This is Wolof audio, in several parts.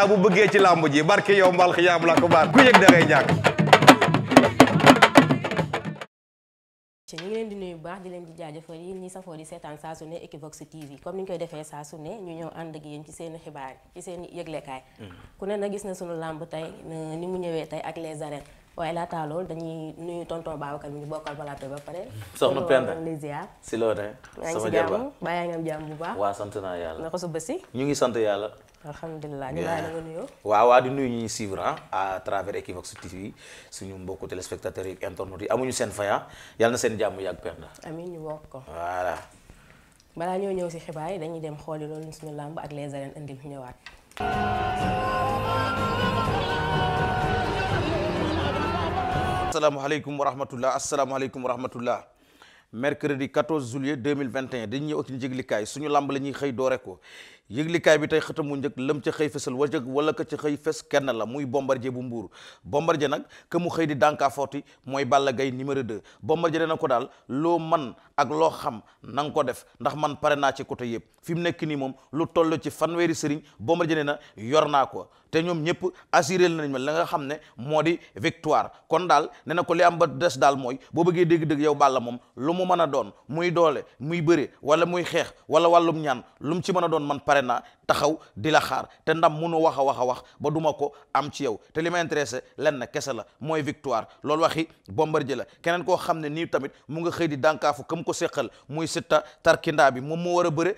naa bu bëggee ci ji barke yow mbal xiyaam la ko baar ku yëg ñu ngi leen di nuyu baax di leen di jaajëfal yéen ñu safoo di seetaan saa su ne Equivox TV comme ni ñu koy defee saa su ne ñu ñëw ànd ak yéen ci seen xibaar ci seen yëglekaay mm-hmm. ku ne na gis na sunu làmb tey ni mu ñëwee tey ak les arènes waaye laata loolu dañuy nuyu tonton Babacar mi ñu bokkal balaato ba pare soxna Penda li ziar si loo ne sama jàmm baa yaa ngi am jàmm bu baax waa sant naa yàlla na ko su bësi ñu ngi sant yàlla alhamdulilah ñu bàyyi la nga nuyoo. waaw waaw di nuyu ñuy suivre ah, à travers Equivox TV suñu mbokku téléspectateurs yi internautes yi amuñu seen faya ah. yàlla na seen jàmm yàgg penda. amiin ñu bokk ko. voilà. balaa ñoo ñëw si xibaar yi dañuy dem xooli loolu suñu làmb ak les arènes indil ñëwaat. asalaamaaleykum wa rahmatulah asalaamaaleykum wa rahmatulah. mercredi 14 juillet 2021 dañu ñëw ak njëglikaay suñu làmb la ñuy xëy doore ko yëglikaay bi tey xëtamu njëkk lëm ca xëy fesal wajëg wala ka ca xëy fes kenn la muy Bombardier bu Mbuur Bombardier nag ka mu xëy di dànkaa footi mooy Balla Gaye numéro 2 Bombardier dana ko daal loo man ak loo xam na ko def ndax man pare naa ci côté yëpp fi mu nekk nii moom lu toll ci fanweeri sëriñ Bombardier nee na yor naa ko te ñoom ñëpp na nañ ma la nga xam ne moo di victoire kon daal nee na ko li am ba des daal mooy boo bëggee dégg-dëgg yow Balla moom lu mu mën a doon muy doole muy bëre wala muy xeex wala wàllum ñaan pare na taxaw di la xaar te ndam munu wax a wax a wax ba duma ko am ci yow te li ma intéressé lenn kese la mooy victoire loolu waxi Bombardier la keneen koo xam ne nii tamit mu nga xëy di dankaafu kam ko séqal muy Siteu tarkindaa bi moom moo war a bëre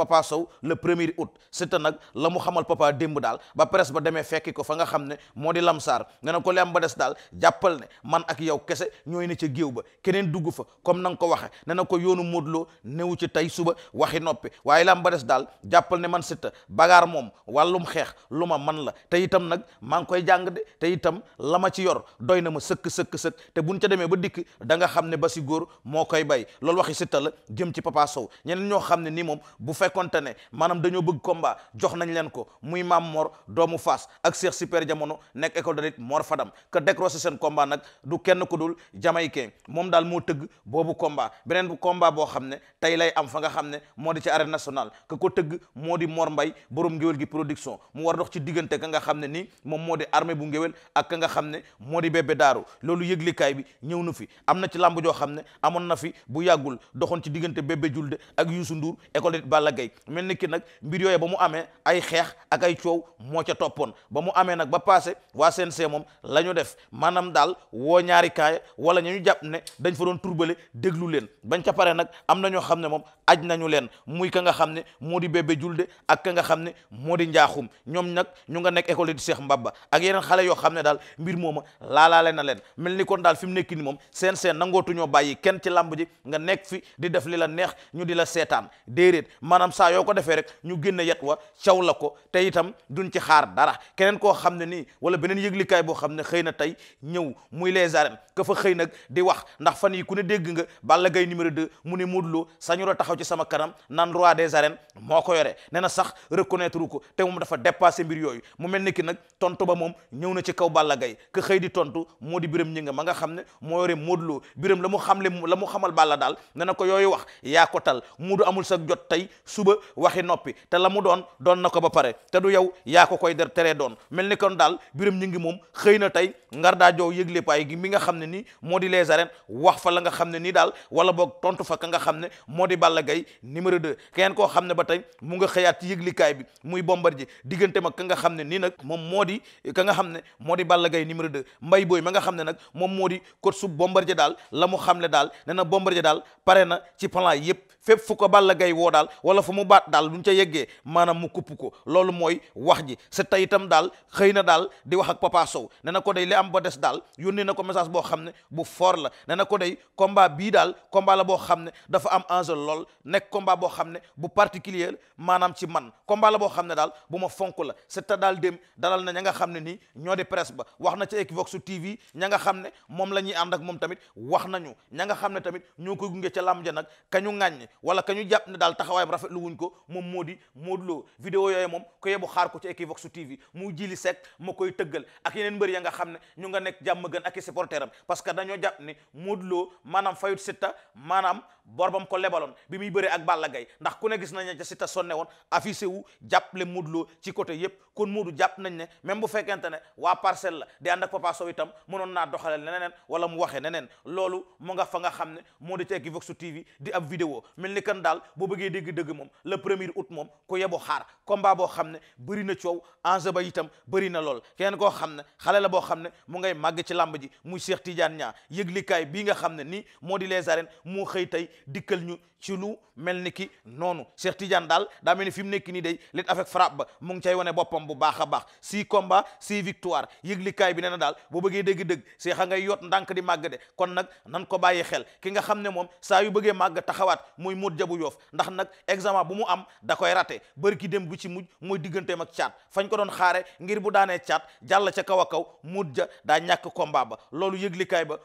Papa Sow le premier août Siteu nag la mu xamal papa démb daal ba presse ba demee fekki ko fa nga xam ne moo di lamsaar nga ne ko li am ba des daal jàppal ne man ak ca géew ba keneen dugg fa comme na ko waxe ne ko yoonu Modou Lo newu ci tey suba waxi noppi waaye la am ba des daal jàppal ne man Siteu bagaar moom wàllum xeex lu ma man la te itam nag maa ngi koy jàng de te itam lama ci yor doy na ma sëkk sëkk sëkk te buñ ca demee ba dikk danga xam ne ba si góor moo koy bay loolu waxi Siteu la jëm ci Papa Sow ñeneen ñoo xam ne ni moom bu fekk fekkonte ne maanaam dañoo bëgg combat jox nañ leen ko muy maam Mor doomu Faas ak Cheikh Super Jamono nekk école de lutte Mor Fadam que décroché seen combat nag du kenn ku dul jamaïcain moom daal moo tëgg boobu combat beneen bu combat boo xam ne tey lay am fa nga xam ne moo di ci arène national que ko tëgg moo di Mor Mbay borom ngéwél gi production mu war dox ci diggante ka nga xam ne nii moom moo di armée bu ngéwél ak ka nga xam ne moo di bébé daaru loolu yëglikaay bi ñëw na fi am na ci làmb joo xam ne amoon na fi bu yàggul Gueye mel ni ki nag mbir yooyu ba mu amee ay xeex ak ay coow moo ca toppoon ba mu amee nag ba passé waa CNG moom la ñu def maanaam daal woo ñaari kaay wala ñu jàpp ne dañ fa doon turbale déglu leen bañ ca pare nag am na ñoo xam ne moom aj nañu leen muy ka nga xam ne moo di bébé julde ak ka nga xam ne moo di njaaxum ñoom nag ñu nga nekk école di Cheikh Mbaba ak yeneen xale yoo xam ne daal mbir mooma laalaale na leen mel ni koon daal fi mu nekk ni moom CNG nangootuñoo bàyyi kenn ci làmb ji nga nekk fi di def li la neex ñu di la maanaam saa yoo ko defee rek la ko te itam duñ ci xaar dara koo xam ne nii wala beneen yëglikaay boo xam ne xëy na tey ñëw muy les arènes ka fa xëy nag di wax ndax fan yi ku ne dégg nga Balla Gaye numéro 2 mu ne Modou Lo sañu la taxaw ci sama kanam naan roi des arènes moo ko yore nee na sax reconnaître ko te moom dafa dépassé mbir yooyu mu mel ni ki nag tontu ba moom ñëw na ci kaw Balla Gaye ka xëy di tontu moo di biram ñi nga ma nga xam ne moo yore Modou Lo biram la mu xamle la mu xamal Balla daal ne na ko yooyu wax yaa ko tal Modou amul sa jot tey suba waxi noppi te la mu doon doon na ko ba pare te du yow yaa ko koy der teree doon mel ni kon daal biram ñu moom xëy na tey ngar daa joow yëgle paay gi mi nga xam ne nii moo di les wax fa la nga xam ne nii daal wala boog tontu fa ka nga xam ne moo di Balla gay numéro 2 keneen koo xam ne ba tey mu nga xëyaat ci bi muy Bombardier diggante mag ka nga xam ne nii nag moom di ka nga xam ne moo di Balla Gaye numéro 2 mbay booy ma nga xam ne nag moom moo di coach su Bombardier daal la mu xam ne daal nee na Bombardier daal pare na ci plan yëpp fépp fu ko Balla gay woo daal wala wala fu mu baat daal duñ ca yeggee maanaam mu kupp ko loolu mooy wax ji Siteu itam daal xëy na daal di wax ak Papa Sow ne na ko day li am ba des daal yónnee na ko message boo xam ne bu foor la ne na ko day combat bii daal combat la boo xam ne dafa am enjeu lool nekk combat boo xam ne bu particulier maanaam ci man combat la boo xam ne daal bu ma fonk la Siteu daal dem dalal na ña nga xam ne nii ñoo di presse ba wax na ca Equivox TV ña nga xam ne moom la ñuy ànd moom tamit wax nañu ña xam ne tamit ñoo koy ja nag kañu ŋàññ rafetlu ko moom moo di Modou Lo vidéo yooyu moom ko yebu xaar ko ci Equivox TV mu jili sec ma koy tëggal ak yeneen mbër ya nga xam ne ñu nga nekk jàmm gën ak i supporteram parce que dañoo jàpp ni Modou loo maanaam fayut sitta maanaam bor bam ko lebaloon bi muy bëree ak Balla ndax ku ne gis nañ ne ca Siteu sonne woon affiché wu jàppale Modou Lo ci côté yëpp kon Modou jàpp nañ ne même bu fekkente ne waa parcelle la di ànd ak Papa Sow itam mënoon naa doxale neneen wala mu waxee neneen loolu mu nga fa nga xam ne moo di ci Equivox TV di ab vidéo mel ni kan daal boo bëggee dégg-dëgg moom le premier août moom ku yebu xaar combat boo xam ne bëri na coow enjeu ba itam bëri na lool kenn koo xam ne xale la boo xam ne mu ngay màgg ci làmb ji muy Cheikh Tidiane Niang yëglikaay bii nga xam ne nii moo di les arènes moo xëy tey dikkal ñu ci lu mel ni ki noonu Cheikh Tidiane daal daa mel ni fi mu nekk nii day lit avec frappe ba mu ngi cay wane boppam bu baax a baax six combats six victoire kaay bi nee na daal boo bëggee dëgg-dëgg Cheikh a ngay yot ndànk di màgg de kon nag nan ko bàyyi xel ki nga xam ne moom saa yu bëggee màgg taxawaat muy móot jabu yoof ndax nag examen bu mu am da koy rate bari ki dem bu ci mujj muy digganteem ak caat fañ ko doon xaare ngir bu daanee caat jàll ca kaw a kaw móot ja daa ñàkk combat ba loolu yëglikaay ba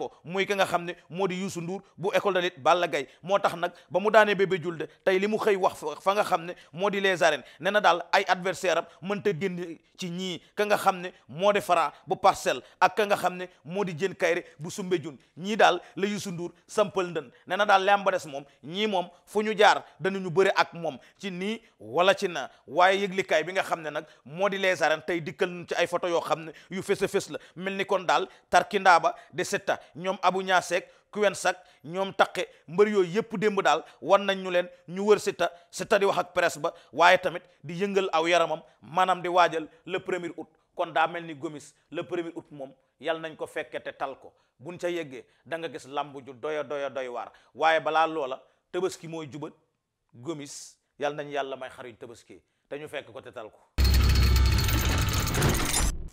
ko muy ki nga xam ne moo di Youssou Ndour bu école de lutte Balla Gaye moo tax nag ba mu daanee bébé julde tey li mu xëy wax fa nga xam ne moo di les arènes nee na daal ay adversaire am mënta génn ci ñii ka nga xam ne moo di faraa bu parcelle ak ka nga xam ne moo di jën kayre bu sumbe jun ñii daal la Youssou nduur sampal ndën nee na daal lemba des moom ñii moom fu ñu jaar ñu bëre ak moom ci nii wala ci na waaye yëglikaay bi nga xam ne nag moo di les arènes tey dikkal nañ ci ay photo yoo xam ne yu fës a mel ñoom abu ku kuwen sak ñoom taqe mbër yooyu yëpp démb daal wan nañ ñu leen ñu wër Siteu Siteu di wax ak presse ba waaye tamit di yëngal aw yaramam maanaam di waajal le premier août kon daa mel ni gomis le premier août moom yal nañ ko fekkee te tal ko buñ ca yeggee da nga gis lamb ju doya doya doy waar waaye balaa loola tabaski mooy jubat gomis yal nañ yàlla may xaruñ tabaski te ñu fekk ko te tal ko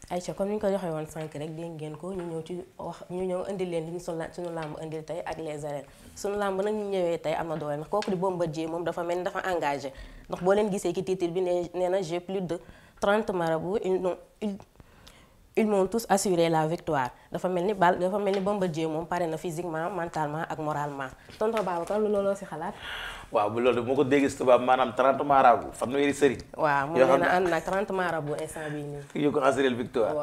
ay Aïcha comme ni ñu ko joxee woon sànq rek dégg ngeen ko ñu ñëw ci wax ñu ñëw indil leen li ñu sunu suñu làmb indil tey ak les arènes suñu làmb nag ñu ñëwee tey am na doole ndax kooku di Bombardier moom dafa mel ni dafa engagé ndox boo leen gisee ci titre bi nee na j'ai plus de 30 marabout ils m'ont tous assuré la victoire dafa mel ni bal dafa mel ni Bombardier moom pare na physiquement mentalement ak moralement tonton Babacar lu looloo si xalaat. waaw bu loolu moo ko déggee si tubaab maanaam 30 marabu fanweeri sëriñ. waaw moom nee na ànd nag 30 marabu instant bii nii. ko assuré victoire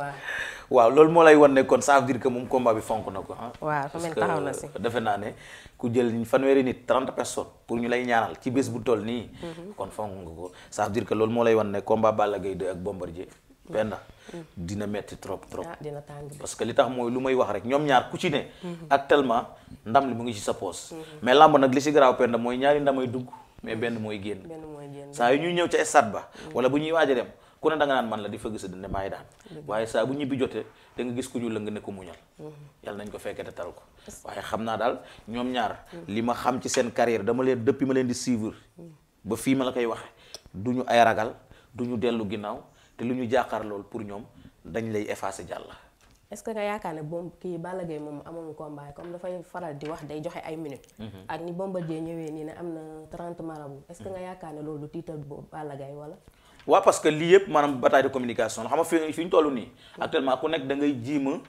waaw. loolu moo lay wan ne kon ça veut moom combat bi fonk na ko ah. waaw mel taxaw na si defe naa ne ku jël fanweeri nit 30 personnes pour ñu lay penda mm. dina metti trop trop ah, dina tàng parce que li tax mooy lu may wax rek ñoom ñaar ku ci ne mm-hmm. actuellement ndam li mu ngi ci sa poos mm-hmm. mais làmb nag li si garaaw penda mooy ñaari ndamay dugg mais mm-hmm. benn mooy génn saa yu ñuy ñëw ca stade ba wala bu ñuy waaja dem ku ne da nga man la di fëgg sa dinde maay daan waaye saa bu ñibbi jotee da nga gis ku ñu la nga ne ko muñal yàlla nañ ko fekkete tal ko waaye xam naa daal ñoom ñaar mm. li ma xam ci seen carrière dama leen depuis ma leen di suivre mm. ba fii ma la koy waxe du ñu ay ragal du ñu dellu ginnaaw te lu ñu jàkkaar lool pour ñoom dañ lay effacer jàll. est-ce que nga yaakaar ne boobu kii Balla Gaye moom amoon combat comme dafay faral di wax day joxe ay minutes. Mhm. ak ni Bombardier ñëwee nii ne am na 30 marabu. est-ce nga mhm. yaakaar ne loolu tiital boobu Balla Gaye wala. waaw parce que lii yëpp maanaam bataille de communication la xam nga fi fi ñu toll nii. Mhm. actuellement ku nekk da jiima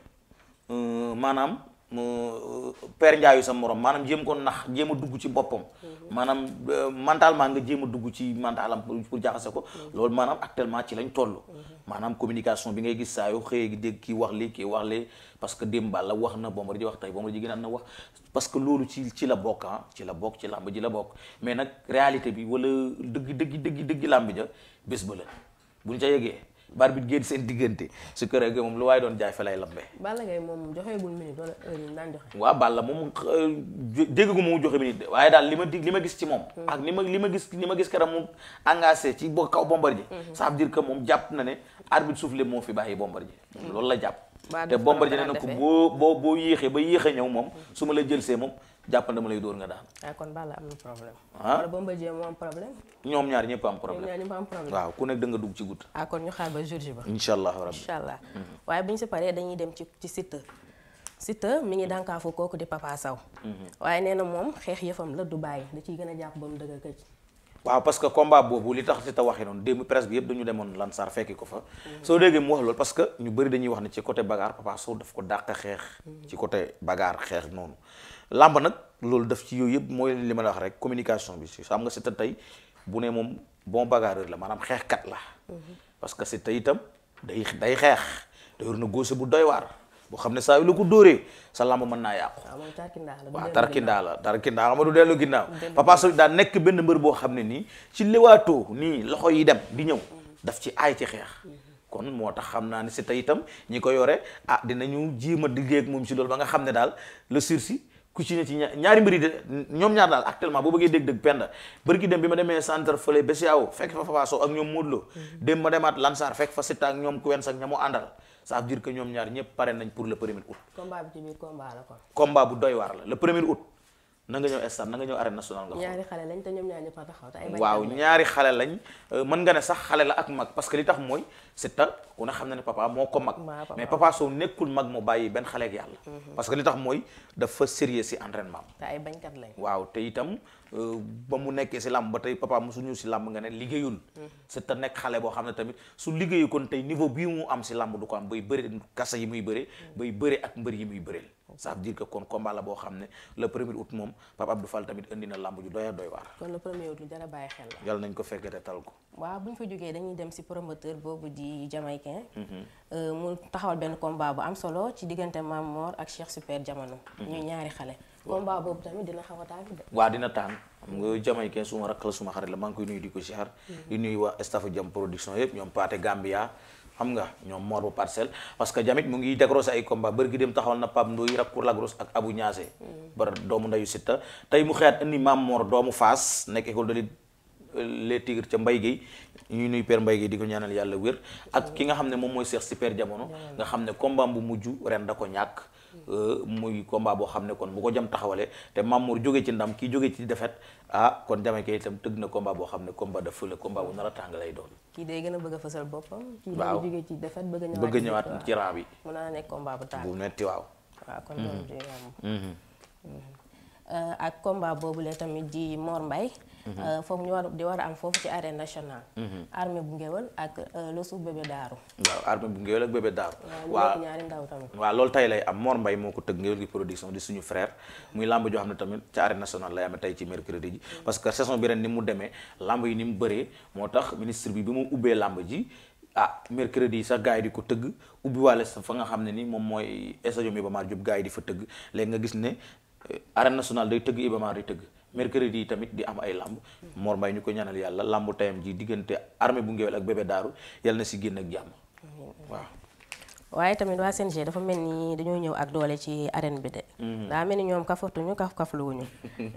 euh, maanaam. mu uh, père njaayu sa morom maanaam jéem ko nax jéem a dugg ci boppam mhm. maanaam euh, maa nga jéem a dugg ci mentalam pour jaxase ko mhm. loolu maanaam actuellement ci lañ toll mhm. maanaam communication bi ngay gis saa yu xëyee gi dégg kii wax lii kii wax lii parce que démb la wax na Bombardier wax tey Bombardier gën a na wax parce que loolu ci ci la bokk ah ci la bokk ci làmb ji la bokk mais nag réalité bi wala dëgg dëgg dëgg dëgg làmb ja bés ba la buñ ca yegee barbit génn seen diggante su ko moom lu waaye doon jaay fa lay lambe. Balla Gaye moom joxeegul minute wala heure yi daan joxe. waaw Balla moom euh, déggu ma mu joxe minute de waaye daal li ma di li ma gis ci moom. Hmm. ak li ma li ma gis ni ma gis keroog mu engagé ci boo kaw Bombardier. Hmm. ça veut dire que moom jàpp na ne arbitre soufflé moo fi bàyyi Bombardier. Hmm. loolu la jàpp. te Bombardier nee na ko boo boo boo yéexee ba yéex ñëw moom su ma la jëlsee moom. jàppal dama lay dóor nga daan. ah kon Balla am na problème. ah wala Bombardier am problème. ñaar ñëpp am problème ñoom ñaar ñëpp waaw ku nekk da dugg ci gudd. a ah, kon ñu xaar ba jour ji ba. incha allah rabbi incha allah. Mm-hmm. waaye bu ñu si paree dañuy dem ci ci Siteu. Siteu mi ngi dànkaafu kooku di papaa saw mm-hmm. waaye nee na moom xeex yëfam la du bàyyi da ciy gën a jàpp ba mu dëgg këj. waaw parce que combat boobu li tax ci ta waxee noonu démb presse bi yëpp dañu demoon Lansar fekki ko fa. soo déggee mu wax loolu parce que ñu bëri dañuy wax ne ci côté bagarre Papa daf ko dàq xeex. ci côté bagarre xeex noonu. làmb nag loolu daf ci yooyu yëpp mooy li ma la wax rek communication bi si xam nga Siteu tey bu ne moom bon bagarreur la maanaam xeexkat la. Mhm. parce que Siteu itam day day xeex. te yor na góose bu doy waar. boo xam ne saa yu la ko dóoree sa lamb man naa yàqu ah, waaw tarkindaa la tarkindaa xam nga du dellu ginnaaw papa Sow daa nekk benn mbër boo xam ne nii ci lewaatoo nii loxo yi dem di ñëw mm-hmm. daf ci ay ci xeex mm-hmm. kon moo tax xam naa ne si tey itam ñi ko yore ah dinañu jéem a liggéey moom si loolu ba nga xam ne daal le sursis ku ci ne ci ñaari mbir de ñoom ñaar daal actuellement boo bëggee dégg-dégg penda bëri dem bi ma demee centre fële BCAO fekk fa Papa ak ñoom Modou Lo mm-hmm. dem ma demaat Lansar fekk fa Siteu ak ñoom Kuwens ak àndal ça veut dire ñoom ñaar ñëpp pare nañ pour le premier août. combat bi ci biir combat la bu doy waar la le premier août na nga ñëw stade na nga ñëw arène nationale nga. ñaari a waaw ñaari xale lañ euh, mën nga ne sax xale la ak mag parce que li tax mooy Siteu ku ne xam na ne papa moo ko mag mais papa Sow nekkul mag mu bàyyi benn xale ak yàlla mhm. parce que li tax mooy dafa sérieux si entraînement te ay bañkat lañ waaw te itam euh, ba mu nekkee si làmb ba tey papa mosu ñëw si làmb nga ne liggéeyul mhm. Siteu nekk xale boo xam ne tamit su liggéeyu kon tey niveau bii mu am si làmb du ko am bay bëri kasa yi muy bëri mhm. bay bëri ak mbër yi muy bëreel ça veut dire que kon combat la boo xam ne le premier août moom Papa Abdou a doy waar kon le premier bàyyi xel la nañ ko fekkete tal ko waaw bu ñu fa jógee dañuy dem si promoteur boobu di jamaïcain. Mhm. Euh, mu taxawal benn combat bu am solo ci diggante Mame Mor ak Cheikh Super Jamono. Mhm. ñuy ñaari xale. combat boobu tamit dina xaw a tàng. waa dina tàng xam nga jamaïcain suma rakk la suma xarit la maa ngi koy nuyu di ko siyaar. Mhm. di nuyu production yëpp ñoom Paate Gambia. xam nga ñoom Mor bu parcelle parce que jamit mu ngi dégrosé ay combat bër gi dem taxawal na Pape Ndoye rakku Lagros ak Abou Niassé. bar doomu ndeyu Sitta tey mu xeet indi Mame Mor doomu Faas nekk école de lutte les tigres ca mbay gi ñuy nuy mbay gi di ko ñaanal yàlla wér ak ki nga xam ne moom mooy seex si père jamono nga xam ne combat bu mujj ren da ko ñàkk euh, muy combat boo xam ne kon bu ko jam taxawalee te Mamour jóge ci ndam kii jóge ci defet ah kon jamekee itam tëgg na combat boo xam ne combat de feu la combat bu nar tàng lay doon. kii day gën a bëgg a fësal boppam. waaw kii jóge ci defet bëgg a. ñëwaat ñëwaat ci rang bi. mën naa nekk combat bu tàng bu metti waaw. Mhm. Mhm. Mhm. Euh, boobu la tamit di Mor mbay Euh, foofu ñu war di war am foofu ci arène nationale mhm. armée bu ngéwél ak euh, le suuf bébé daaru waaw armée bu ngéwél ak bébé daaru waaw ñaari ndaw tamit waaw loolu tey lay am Mor mbay moo ko tëgg ngéwél gi production di suñu frère muy làmb joo xam ne tamit ci arène nationale lay amee tey ci mercredi ji mm. parce que saison bi ren ni mu demee lamb yi ni mu bëree moo tax ministre bi bi mu ubbee lamb ji ah mercredi sax gars yi di ko tëgg ubbiwaale sa fa nga xam ne ni moom mooy stade Iba Mar Diop gars yi di fa tëgg léegi nga gis ne euh, arène nationale day tëgg Iba Mar di tëgg mercredi yi tamit di am ay lamb Mor Mbaye ñu ko ñaanal yàlla lambu tayam ji diggante armée bu ngéwél ak bébé daaru yàlla na si génn ak jàmm waaw waaye tamit waa CNG dafa mel ni dañoo ñëw ak doole ci arène bi de. Mhm. daa mel ni ñoom kafatuñu kaf kaf luwuñu.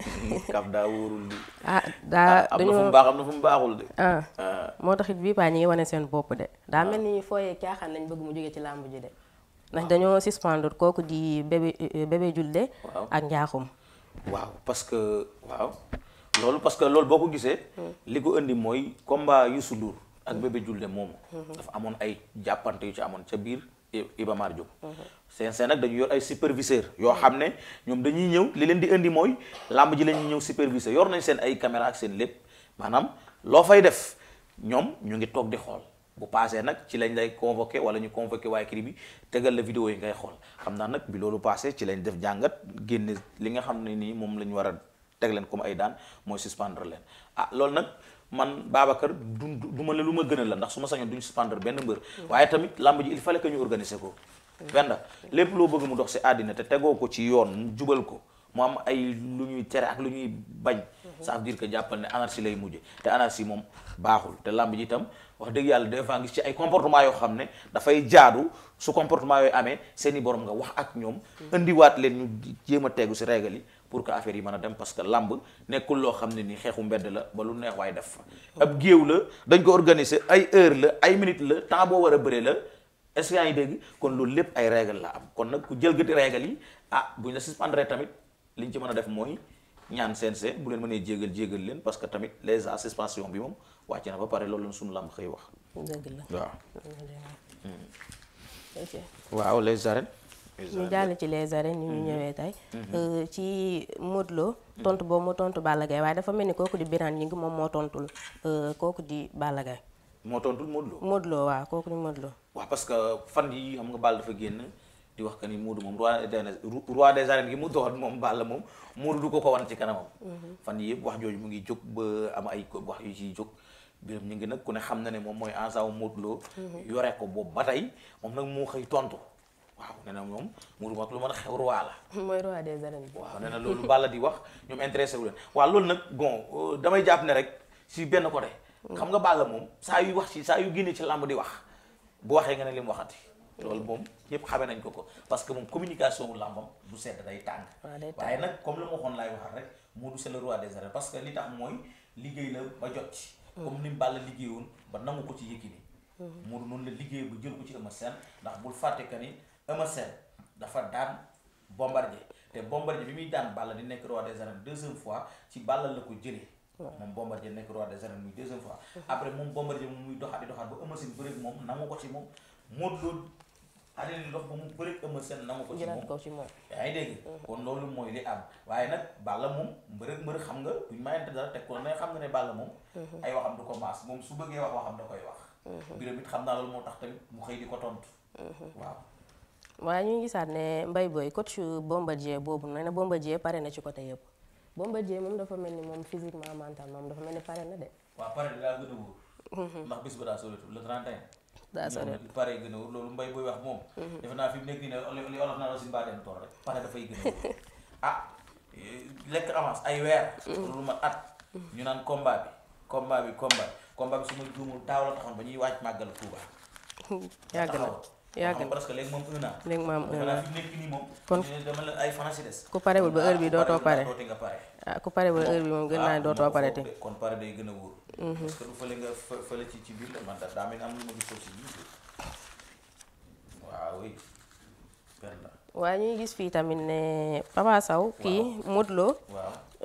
kaf daa wóorul de. ah daa ah, dañoo fu mu baaxul de. Ah. Ah. moo tax it bii paa ñi ngi wane seen bopp de. daa mel ni fooyee caaxaan lañ bëgg mu jógee ci làmb ji de. ndax dañoo suspendre kooku di bébé euh, bébé julde ak njaaxum. waaw parce que waaw loolu parce que loolu boo ko gisee. Hmm. li ko indi mooy combat Youssou Ndour ak hmm. bébé Julde moomu. Hmm. dafa amoon ay jàppante yu ci amoon ca biir Iba Mar Diop. seen seen nag dañu yor ay superviseur yoo xam ne ñoom dañuy ñëw li leen di indi mooy làmb ji la ñëw superviseur yor nañ seen ay caméra ak seen lépp maanaam loo fay def ñoom ñu ngi toog di xool. bu paasee nag ci lañ lay convoqué wala ñu convoqué waaye écurie bi tegal la vidéo yi ngay xool xam naa nag bi loolu paasee ci lañ def jàngat génne li nga xam ne nii moom la ñu war a teg leen comme ay daan mooy suspendre leen ah loolu nag man Babacar du du ma la lu ma gën a la ndax su ma sañoon duñu suspendre benn mbër mm. waaye tamit lamb ji il fallait que ñu organiser ko. benn mm. lépp loo bëgg mu dox si àddina te tegoo ko ci yoon jubal ko. mu am ay lu ñuy tere ak lu ñuy bañ ça veut dire jàppal ne anarchie lay mujje te anarchie moom baaxul te làmb yi tam wax dëgg yàlla des fois ngi si ay comportement yoo xam ne dafay jaadu su comportement yooyu amee seeni borom nga wax ak ñoom indiwaat leen ñu jéem a tegu si règle yi pour que affaire yi mën a dem parce que làmb nekkul loo xam ne ni xeexu mbedd la ba lu neex waaye def fa ab géew la dañ ko organiser ay heure la ay minute la temps boo war a bëre la est yaa ngi dégg kon loolu lépp ay règle la am kon nag ku jël gëti yi ah buñ la suspendre tamit li ñu ci mën a def mooy ñaan CNG bu leen mënee jégal jégal leen parce que tamit les a suspension bi moom wàcc na ba pare loolu la suñu làmb xëy wax. dëgg la waaw. Mm. waaw les arènes. ñu jàll ci les arènes ñu mm-hmm. ñëwee tey. Mm-hmm. Euh, ci Modou Lo mm-hmm. tontu boobu mu tontu Balla Gaye waaye dafa mel ni kooku di Birane ñi ngi moom moo tontul euh, kooku di Balla Gaye. moo tontul Modou Lo. Modou waaw kooku di Modou waaw parce fan yi xam nga Balla dafa génn. di wax que ni Modou moom roi roi des arènes gi mu doon moom Balla moom Modou du ko ko wan ci kanamam. Mhm. fan yëpp wax jooju mu ngi jóg ba am ay wax yu ciy jóg. biram ñu ngi nag ku ne xam na ne moom mooy ansaw Modou Lo mhm. yore ko boobu ba tey moom nag moo xëy tontu. waaw nee na moom Modou Lo ak lu mën a xew roi la. mooy roi des arènes. waaw nee na loolu Balla di wax ñoom intéressé wu leen waaw loolu nag bon euh, damay jàpp ne rek si benn côté. Mhm. xam nga Balla moom saa yu wax si saa yu génnee ci làmb di wax bu waxee nga ne li waxati. loolu moom yëpp xamee nañ ko ko parce que moom communication wu làmbam du sedd day tàng ah, waaye nag comme la ma waxoon laay waxal rek Modou c'est le roi des arènes parce que li tax mooy liggéey la ba jot ci mm. comme ba nangu ko ci Yékini mm. Modou noonu la liggéey ba jël ko ci Eumeu Sène ndax bul fàtte que ni Eumeu Sène dafa daan Bombardier te di nekk roi des arènes deuxième fois ci Balla la ko jëlee moom Bombardier nekk roi des arènes muy deuxième mm-hmm. après moom Bombardier moom muy doxaat di doxaat ba Eumeu Sène bëre moom nangu ko ci moom Modou xale li dox ba mu bëri Eumeu Sène nangu ko ci moom ko mm-hmm. mooy li am waaye nag Balla moom mbërëg xam nga duñ mayante dara teg ko ne xam nga ne Balla moom mm-hmm. ay moom su bëggee wax waxam da koy wax mm-hmm. xam naa moo tax mu xëy ko waaw waaye ñu ngi gisaat ne Mbaye Boye coach Bombardier boobu nee na Bombardier pare na ci côté yëpp Bombardier moom dafa mel ni moom physiquement mental moom dafa mel ni pare na de waaw pare na gën a wóor ndax bis ba daa soritu le 31 daa sori pare gën a wóor loolu mbay buy wax moom mhm. defe naa fi nekk nii ne li olof naa la si mbaa dem tool rek pare dafay gën a wóor ah lekk avance ay weer mhm. loolu ma at mhm. ñu naan combat bi combat bi combat combat bi su ma juumul taaw la taxoon ba ñuy wàcc màggal Tuuba yàgg na yàgg na pare que léegi moom moom un an fi mu nekk nii moom kon dama la ay fan a si ku parewul ba heure bi ah, dootoo pare ah ku pare ba heure bi moom gën naa ah, dootoo pare te kon pare ñuy mhm. gis fii tamit ne Papa Sow kii Modou Lo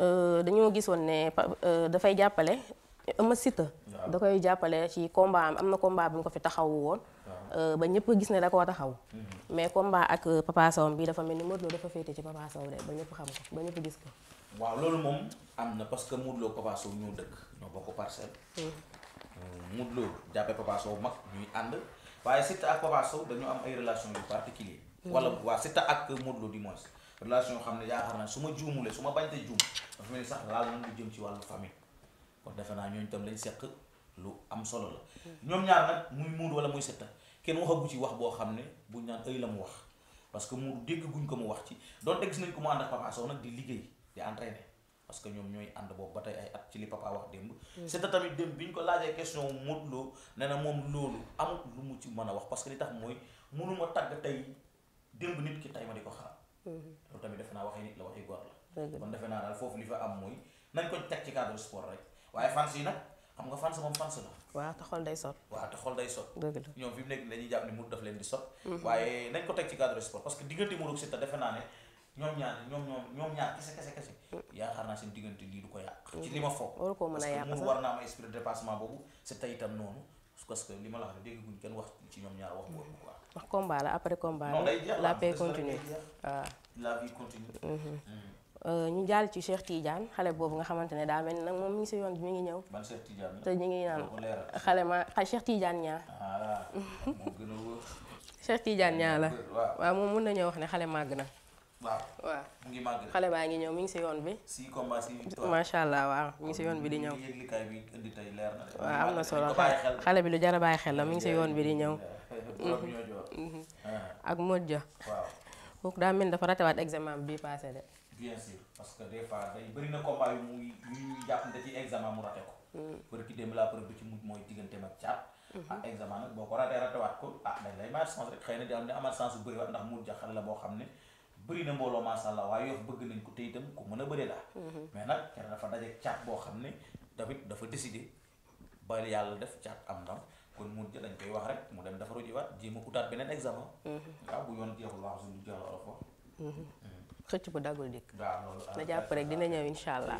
euh, dañoo gisoon ne euh, dafay jàppale a Siteu da koy jàppale ci combat am am na combat bi ñu ko fi taxawu woon euh, ba ñëpp gis ne da koo taxaw mhm. mais combat ak Papa Sow dafa mel ni Modou Lo dafa féete ci Papa Sow de ba ñëpp xam ko ba ñëpp gis ko waaw loolu moom am na parce que Modou Lo Papa Sow ñoo dëkk ñoo ko parcelle. Hmm. Euh, Modou Lo jàppee Papa Sow mag ñuy ànd waaye Siteu ak Papa Sow dañu am ay relation yu particulier hmm. wala waa Siteu ak Modou Lo du moins yoo xam ne yaakaar naa su ma juumulee su ma bañte juum dafa mel sax laal nañ jëm ci wàllu famille kon defe naa ñooñu tam lañ seq lu am solo la hmm. ñoom ñaar nag muy Modou wala muy Siteu kenn waxagu ci wax boo xam ne buñ naan ëy la mu wax parce que Modou dégg guñ ko mu wax ci donte gis nañ ko mu ànd ak Papa di liggéey di entraîner parce que ñoom ñooy ànd boobu ba tey ay at ci li papa wax démb. c'est tamit démb bi ñu ko laajee question Modou Lo nee moom loolu amul lu mu ci mën a wax parce que li tax mooy mënuma tagg tey démb nit ki tey ma di ko xaar. Mhm. loolu tamit defe naa waxi nit la waxi foofu li fa am mooy nañ ko teg ci cadre sport rek waaye fans yi nag xam nga fans moom fans la. waaw te xol day sot. Mhm. waaye nañ ko teg ci cadre sport parce que diggante Modou ak Siteu defe naa ñoom ñaar ñoom ñoom ñoom ñaar kese naa seen diggante lii du ko yàq. ci li ma foog. war koo mën a yàq sax la wax wax ci ñoom ñaar wax boobu la après combat ñu jàll ci Cheikh Tidiane xale boobu nga xamante ne daa mel ni nag moom mi yoon bi mi ngi ñëw. ban Cheikh Tidiane ñu ngi naan xale ma Cheikh Tidiane ñaar. ah moo la moom mun nañoo wax ne xale màgg na waaw waaw xale baa ngi ñëw mi ngi si yoon bi. si macha allah waa mi ngi si yoon bi di ñëw. yëglikaay bi indi na. waaw am na solo xale bi lu jar a bàyyi xel la mi ngi si yoon bi di ñëw. Mhm. Ah. ak Modou Dia. waaw kooku daa mel dafa ratewaat examen bi passé de. bien parce que des fois na combat yu muy mu rate ko. pour mm. ki démb la preuve bi ci mujj mooy diggante mhm. ah, boo ko ratee ratewaat ko ah dañ sens rek xëy na di am ne amaat sens bu bëriwaat ndax Modou Dia xale la boo xam ne. bëri na mbooloo macha allah waaye Yoff bëgg nañ ko te itam ku mën a bëri la mhm. mais nag kenn dafa daje caat boo xam ne tamit dafa décidé ba yàlla def caat am ndam kon mu jël dañ koy wax rek mu dem dafa rujiwaat jéem a utaat beneen examen. Mhm. waaw bu yoon jeexul wax suñu jeexul wala ko. xëcc bu daggul dikk. waaw loolu ah, na jàpp rek dina ñëw incha allah.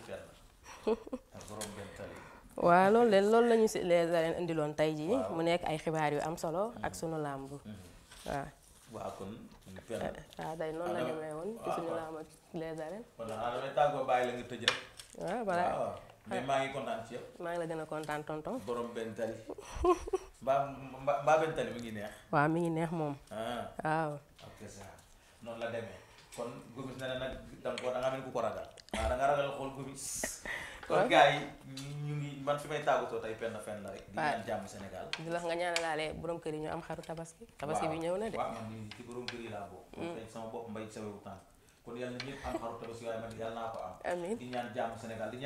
waaw loolu de loolu la ñu leen indiloon tey ji mu nekk ay xibaar yu am solo ak mhm. sunu làmb waaw. waaw kon waaw ah, day noonu la demee woon. suñu laa ma les arènes. kon nag damay tàggoo bàyyi la nga tëj rek. Ah, waaw voilà mais maa ngi kontaan ci maa ngi la gën a kontaan tonton. borom benn tali. mbaa mbaa benn tali mi ngi neex. waaw mi ngi neex moom. Ah. waaw. ok ça noonu la demee kon Gomis nee na nag da nga ko ko ragal. waaw da ragal xool Gomis. kon gars yi ñu ngi man fi may tàggatoo tey penn fenn la rek. di ñaan jàmm Sénégal. di la nga ñaanalaale borom kër yi ñu am xaru tabaski. tabaski bi ñëw na de yi laa bokk. Mm. tey sama bopp mbay sama wu tànk kon yàlla na ñëpp am xaru tabaski waaye man yàlla di ñaan jàmm Sénégal bi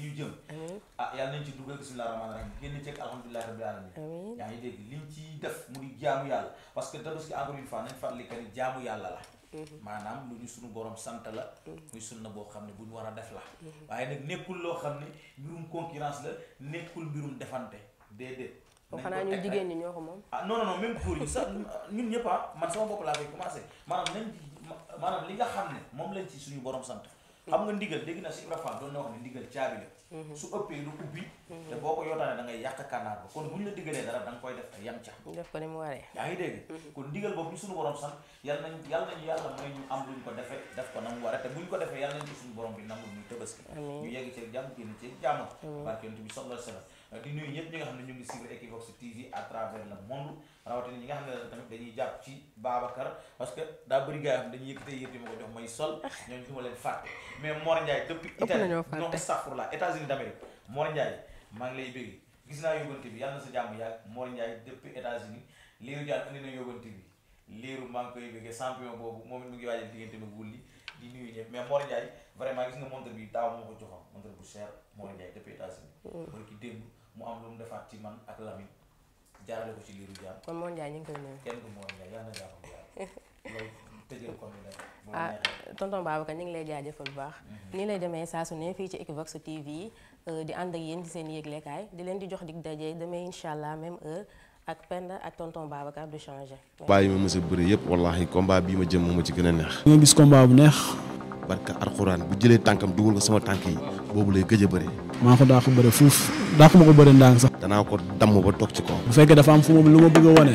ñu jëm. amiin ah yàlla nañ ci dugal bismillah rahmaan rahim génn ceeg alhamdulilah rabbil alamin. amiin yaa dégg liñ ci def mu di jaamu yàlla parce que tabaski encore une fois nañ fàttali que ni jaamu yàlla la maanaam lu ñu suñu boroom sant la muy na boo xam ne bu war a def la mm-hmm. waaye nag nekkul loo xam ne mbirum concurrence la nekkul mbirum defante déedéet oh, ko xanaa ñu jigéen ñi ñoo ko moom ah non non non même yi sax ñun ñëpp ah, man sama bopp laa koy commencé maanaam nañ maanaam li nga xam ne moom lañ ci suñu borom sant xam nga ndigal dégg na si Ibra Fall doon na wax ne ndigal caabi la mhm. su ëppee lu ubbi mhm. te boo ko yootaane da ngay yàq kànnaar ba kon buñ la diggalee dara da nga koy def ak yam ca def ko ni mu waree yaa ngi dégg mhm. kon ndigal boobu ñu suñu borom san yal nañu yàlla may ñu am luñ ko defe def ko na mu waree te buñ ko defee yal nañ ko suñu borom bi nangul ñu tëbaski ñu yegg ci jàmm génn ci jàmm barke bi sallallahu alayhi Euh, di nuyu ñëpp ñi nga xam ne ñu ngi suivre Equivox TV à travers le monde rawatina ñi nga xam ne tamit dañuy jàpp ci Babacar parce que daa bëri gars yi xam dañuy yëkkatee yëpp yi ma ko jox may sol ah. ñooñu fi ma leen fàtte mais Mor Ndiaye depuis Italie non safurla États-Unis d'Amérique Mor Ndiaye maa ngi lay bëgg gis naa yóbbante bi yàlla na sa jàmm yàgg Mor Ndiaye depuis États-Unis Liiru Jaan indi na yóbbante bi Liiru maa ngi koy bëgg champion boobu moom it mu ngi waajal diggante ma wulli di nuyu ñëpp mais Mor Ndiaye vraiment gis nga montre bi daaw moo ko joxoon montre bu cher Mor Ndiaye depuis États-Unis mm. mu am lu mu defaat ci man ak ngi ko nii rek. ah ngi lay jaajëfal bu baax. Mhm. nii lay demee saa su ne fii ci Equivox TV euh, di ànd ak yéen seen seen yëglekaay di leen di jox di daje demee incha allah même ak Penda ak tonton Babacar du changé. combat yi ma mës a bëri yëpp wallaahi combat bii ma jëm moo ma ci gën a neex. nga gis combat bu neex. barka alxuraan bu jëlee tànkam dugal ko sama tànk yi boobu lay gëj a bëri. maa ko daa ko bëre fuuf daa ko ma ko bëre ndànk sax. danaa ko damm ba toog ci kaw. bu fekkee dafa am fu mu lu ma bëgg wane.